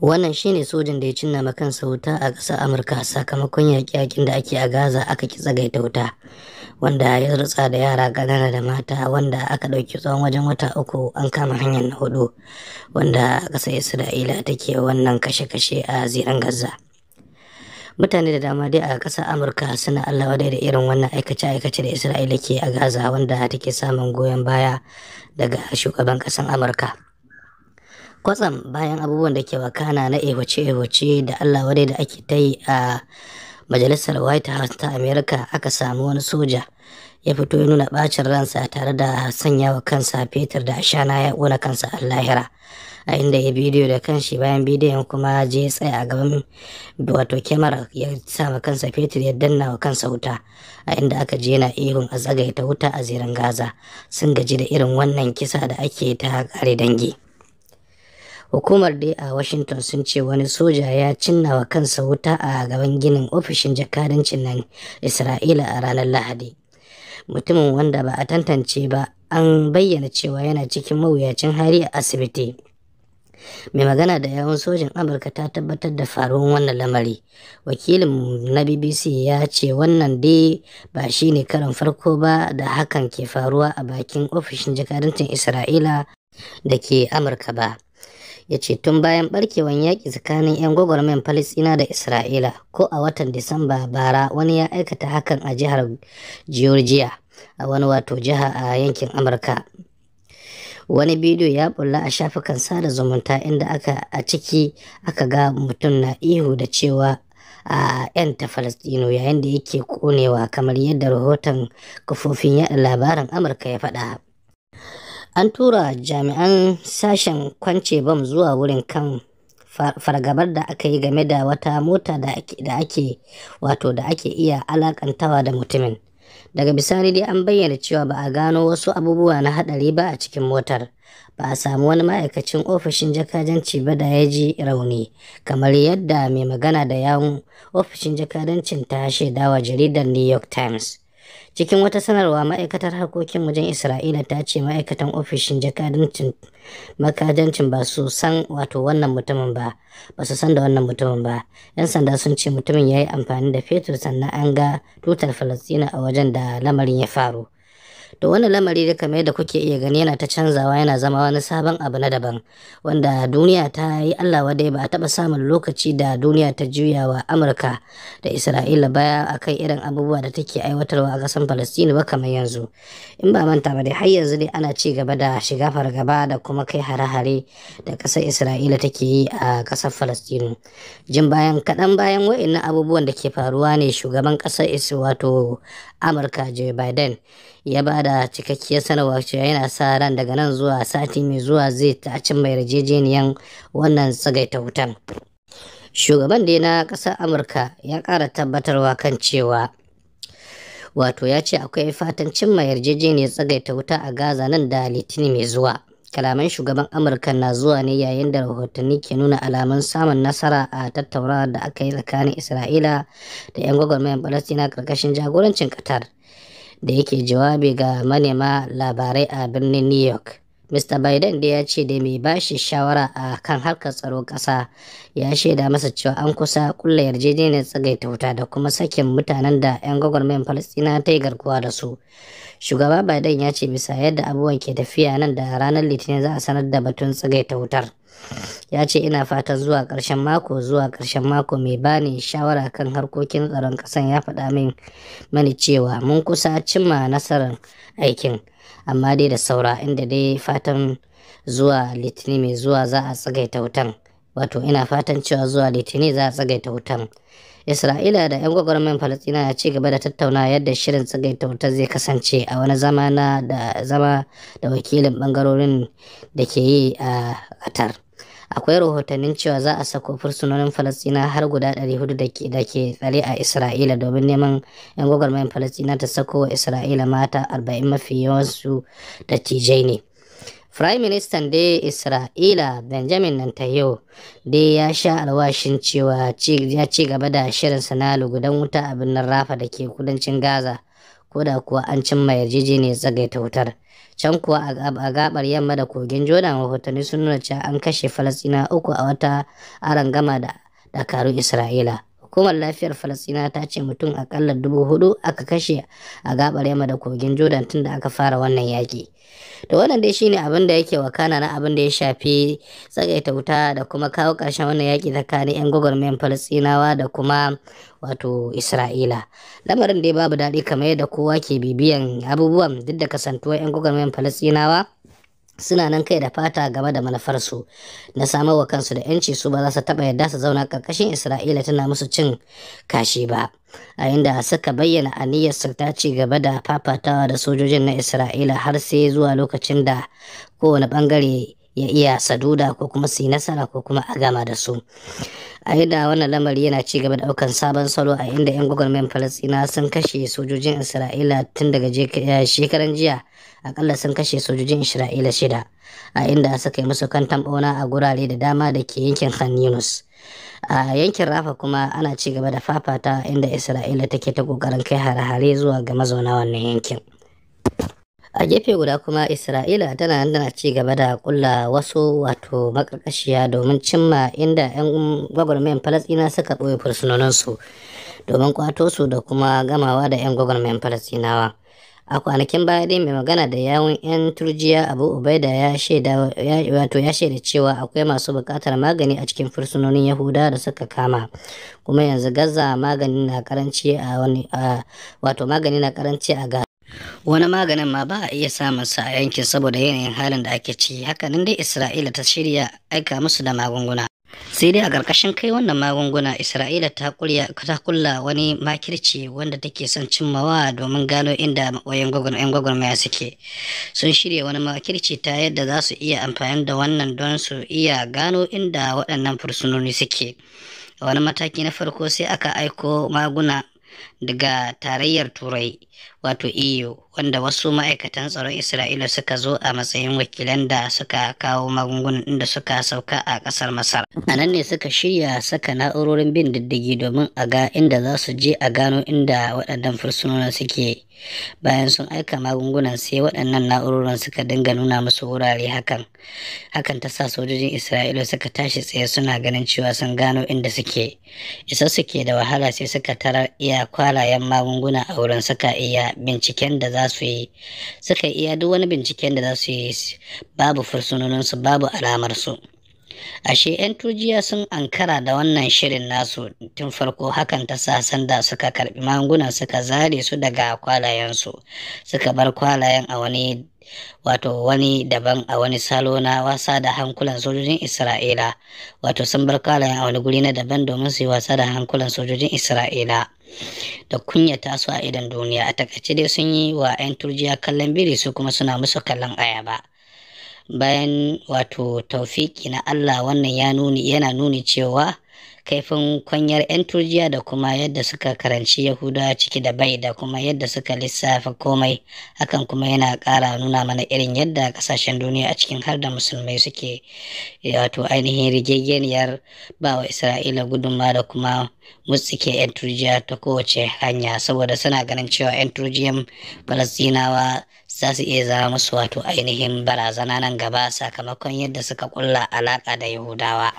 Wannan shine sojin da ya cinna ma kansa wuta a ƙasar Amurka sakamakon yaƙi-yaƙin da ake a Gaza aka ki tsagaita wuta, wanda ya rutsa da yara ƙanana da mata wanda aka ɗauki tsawon wajen wata uku an kama hanyar na hudu, wanda ƙasar Isra'ila take wannan kashe-kashe a ziran Gaza. mutane da dama dai a ƙasar amurka suna allah wadai da irin wannan aikace-aikace da isra'ila ke a gaza wanda take samun goyon baya daga shugaban ƙasar amurka kwatsam bayan abubuwan da ke wakana na ehwace-ehwace da allah wadai da ake ta yi a majalisar white house ta america aka samu wani soja ya fito ya nuna bacin ransa tare da sanya wa kansa fetur da ashana ya ƙona kansa a lahira a inda ya bidiyo da kanshi bayan bidiyon kuma je tsaya a gaban wato kyamara ya sa wa kansa fetur ya danna wa kansa wuta a inda aka je na ihun a tsagaita wuta a zirin gaza sun gaji da irin wannan kisa da ake ta kare dangi Hukumar dai a Washington sun ce wani soja ya cinna wa kansa wuta a gaban ginin ofishin jakadancin nan Isra'ila a ranar Lahadi. Mutumin wanda ba a tantance ba an bayyana cewa yana cikin mawuyacin hari a asibiti. mai magana da yawon sojin amurka ta tabbatar da faruwar wannan lamari wakilin na bbc ya ce wannan dai ba shine karin farko ba da hakan ke faruwa a bakin ofishin jakadancin isra'ila da ke amurka ba ya ce tun bayan barkewan yaƙi tsakanin 'yan gwagwarmayan Palestina da Isra'ila ko a watan Disamba bara wani ya aikata hakan a jihar Georgia a wani wato jiha a yankin Amurka. Wani bidiyo ya bulla a shafukan sada zumunta inda aka a ciki aka ga mutum na ihu da cewa a yan ta Falastino yayin da yake konewa kamar yadda rahoton kafofin yaɗa labaran Amurka ya faɗa. an tura jami'an sashen kwance bam zuwa wurin kan fargabar da aka yi game da wata mota da ake wato da ake iya alakantawa da mutumin daga bisani dai an bayyana cewa ba a gano wasu abubuwa na hadari ba a cikin motar ba a samu wani ma'aikacin ofishin jakadanci ba da ya ji rauni kamar yadda mai magana da yawun ofishin jakadancin ta shaidawa jaridar new york times Cikin wata sanarwa ma'aikatar harkokin wajen Isra'ila ta ce ma'aikatan ofishin jakadancin makadancin ba su san wato wannan mutumin ba ba su san da wannan mutumin ba. 'Yan sanda sun ce mutumin ya yi amfani da fetur sannan an ga tutar Falastina a wajen da lamarin ya faru. to wani lamari da kamar da kuke iya gani yana ta canzawa yana zama wani sabon abu na daban wanda duniya ta yi Allah wadai ba a taɓa samun lokaci da duniya ta juya wa Amurka da Isra'ila baya akan irin abubuwa da take aiwatarwa a ƙasar Falastinu ba kamar yanzu in ba manta ba dai har yanzu dai ana ci gaba da shiga fargaba da kuma kai hare-hare da ƙasar Isra'ila take yi a ƙasar Falastinu jin bayan kaɗan bayan wa'annan abubuwan da ke faruwa ne shugaban ƙasar wato amurka joe biden ya ba da cikakkiyar sanarwa cewa yana sa ran daga nan zuwa sati mai zuwa zai cin mai yarjejeniyan wannan tsagaita wutan shugaban da na ƙasar amurka ya ƙara tabbatarwa kan cewa wato ya ce akwai fatan cimma yarjejeniyar tsagaita wuta a gaza nan da litinin mai zuwa kalaman shugaban amurka na zuwa ne yayin da rahotanni ke nuna alamun samun nasara a tattaunawa da aka yi tsakanin isra'ila da 'yan gwagwarmayar palestina karkashin jagorancin qatar da yake jawabi ga manema labarai a birnin new york Mr. Biden da ya ce da mai bashi shawara a kan harkar tsaron ƙasa ya shaida masa cewa an kusa kulla yarjejeniyar tsagaita wuta da kuma sakin mutanen da 'yan gwagwarmayar Falasɗina ta yi garkuwa da su. Shugaba Biden ya ce bisa yadda abubuwan ke tafiya nan da ranar Litinin za a sanar da batun tsagaita wutar. ya ce ina fatan zuwa ƙarshen mako zuwa ƙarshen mako mai bani shawara kan harkokin tsaron ƙasan ya faɗa min mani cewa mun kusa cimma nasarar aikin amma dai da saura inda dai fatan zuwa litini mai zuwa za a tsagaita wutan wato ina fatan cewa zuwa litini za a tsagaita wutan Isra'ila da 'yan gwagwarmayan Falastina na ci gaba da tattauna yadda shirin tsagaita wuta zai kasance a wani zama da zama da wakilin bangarorin da ke yi a Qatar. Akwai rahotannin cewa za a sako fursunonin falasina har guda 400 da ke tsare a Isra'ila domin neman 'yan gwagwarmayan Falastina ta sako wa Isra'ila mata 40 mafi yawansu da tijai ne. Prime Minister dai Isra'ila Benjamin Netanyahu dai ya sha alwashin cewa ya ci gaba da shirinsa na lugudan wuta a birnin Rafa da ke kudancin Gaza. ko da kuwa an cimma yarjejeniyar tsagaita wutar can kuwa a gabar yamma da kogin jordan rahotanni sun nuna cewa an kashe Falasina uku a wata arangama da dakarun isra'ila Hukumar lafiyar Falasina ta ce mutum akalla dubu hudu aka kashe a gabar yamma da kogin Jordan tun da aka fara wannan yaki To wannan dai shine abin da yake wakana na abin da ya shafi tsagaita wuta da kuma kawo ƙarshen wannan yaki tsakanin 'yan gwagwarmayan Falasinawa da kuma wato Isra'ila. Lamarin dai babu daɗi kamar yadda kowa ke bibiyan abubuwan duk da kasantuwar 'yan gwagwarmayan Falasinawa. suna nan kai da fata game da manufarsu na samar wa kansu da 'yanci su ba za su taɓa yadda su zauna ƙarƙashin isra'ila tana musu cin kashi ba a inda suka bayyana su ta ci gaba da fafatawa da sojojin na isra'ila har sai zuwa lokacin da kowane ɓangare ya iya saduda ko kuma su yi nasara ko kuma a gama da su a da wannan lamari yana ci gaba da daukan sabon salo a inda 'yan gwagwarmayan falasina sun kashe sojojin isra'ila tun daga eh, shekaran jiya akalla sun kashe sojojin isra'ila shida a inda suka yi musu kantan ɓauna a gurare da dama da ke yankin khan yunus a yankin rafa kuma ana ci gaba da fafata inda isra'ila take ta kokarin kai hare-hare zuwa ga mazauna wannan yankin a gefe guda kuma isra'ila tana tana ci gaba da kulla wasu wato makarkashiya domin cimma inda 'yan gwagwarmayan falasina suka ɓoye fursunoninsu domin kwato su da kuma gamawa da 'yan gwagwarmayan falasinawa a kwanakin baya dai mai magana da yawun 'yan turjiya abu ubaida ya shaida ya shaida cewa akwai masu bukatar magani a cikin fursunonin yahuda da suka kama kuma yanzu gaza magani na karanci a wani wato magani na karanci a wani maganin ma ba a iya samun sa a yankin saboda yanayin halin da ake haka hakanan dai isra'ila ta shirya aika musu da magunguna sai dai a ƙarƙashin kai wannan magunguna isra'ila ta kulla wani makirci wanda take son cimmawa domin gano inda wayan gwagwarmaya suke sun shirya wani makirci ta yadda za su iya amfani da wannan don su iya gano inda waɗannan fursunoni suke a wani mataki na farko sai aka aiko maguna daga tarayyar turai wato EU wanda wasu ma'aikatan tsaron Isra'ila suka zo a matsayin wakilan da suka kawo magungunan inda suka sauka a kasar Masar. A nan ne suka shirya saka na'urorin bin diddigi domin a ga inda za su je a gano inda waɗannan fursunonin suke. Bayan sun aika magungunan sai waɗannan na'urorin suka dinga nuna musu wurare hakan. Hakan ta sa sojojin Isra'ila suka tashi tsaye suna ganin cewa sun gano inda suke. Isa suke da wahala sai suka tarar iya kwalayen magunguna a wurin saka iya binciken da za su yi suka iya duk wani binciken da za su yi babu fursunoninsu babu alamarsu ashe 'yan turjiya sun ankara da wannan shirin nasu tun farko hakan ta sa sanda suka karbi magunguna suka zare su daga kwalayensu suka bar kwalayen a wani wato wani daban a wani salo na wasa da hankulan sojojin isra'ila wato sun bar a wani guri na daban domin su yi wasa da hankulan sojojin isra'ila da kunyata su a idan duniya a takaice dai sun yi wa 'yan turjiya kallon biri su kuma suna musu kallon ayaba bayan wato taufiki na allah wannan ya nuni yana nuni cewa kaifin kwanyar 'yan turjiya da kuma yadda suka karanci yahuda ciki da bai da kuma yadda suka lissafa komai hakan kuma yana kara nuna mana irin yadda kasashen duniya a cikin har da musulmai suke wato ainihin rigegeniyar ba wa isra'ila gudunma da kuma mutsike 'yan turjiya ta kowace hanya saboda suna ganin cewa 'yan turjiyan falastinawa za su iya zama musu wato ainihin barazana nan gaba sakamakon yadda suka kulla alaka da yahudawa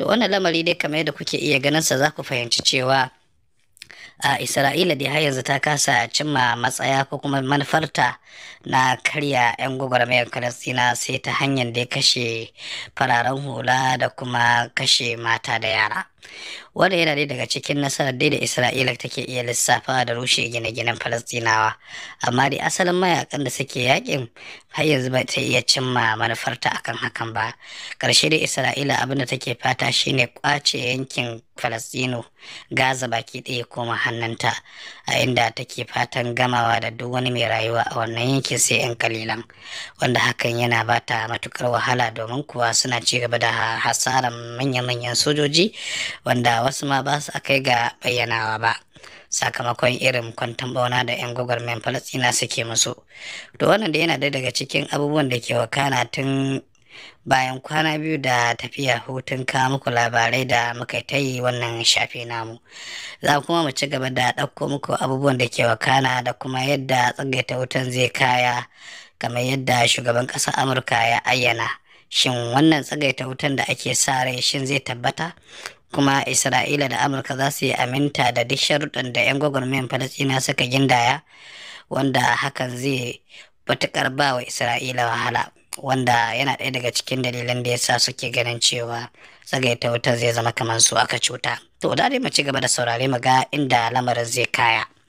to wannan lamari dai kamar yadda kuke iya ganin sa za ku fahimci cewa a isra'ila dai har yanzu ta kasa cimma matsaya ko kuma manufarta na karya 'yan gwagwarmayar Falasɗina sai ta hanyar da ya kashe fararen hula da kuma kashe mata da yara. Wanda yana dai daga cikin nasarar dai da Isra'ila take iya lissafa da rushe gine-ginen Falastinawa, amma dai asalin mayakan da suke yakin har yanzu ba ta iya cimma manufarta akan hakan ba. Karshe da Isra'ila abin da take fata shine kwace yankin Falastino Gaza baki ɗaya koma hannunta, a inda take fatan gamawa da duk wani mai rayuwa a wannan nan yake sai 'yan kalilan wanda hakan yana ba ta matukar wahala domin kuwa suna ci gaba da hasaran manya-manyan sojoji wanda wasu ma ba su kai ga bayyanawa ba sakamakon irin kwantan bauna da 'yan gwagwarmen falastina suke musu to wannan da yana daya daga cikin abubuwan da ke wakana tun bayan kwana biyu da tafiya hutun ka muku labarai da muka ta yi wannan shafi namu za kuma mu ci gaba da ɗauko muku abubuwan da ke wakana da kuma yadda tsagaita wutan zai kaya kamar yadda shugaban ƙasar amurka ya ayyana shin wannan tsagaita wutan da ake sa rai shin zai tabbata kuma isra'ila da amurka za su yi aminta da duk sharuɗan da 'yan gwagwarmayan falastina suka gindaya wanda hakan zai matuƙar ba wa isra'ila wahala wanda yana ɗaya daga cikin dalilan da ya sa suke ganin cewa tsagaita wuta zai zama kamar su aka cuta to da dai mu ci gaba da saurare mu ga inda lamarin zai kaya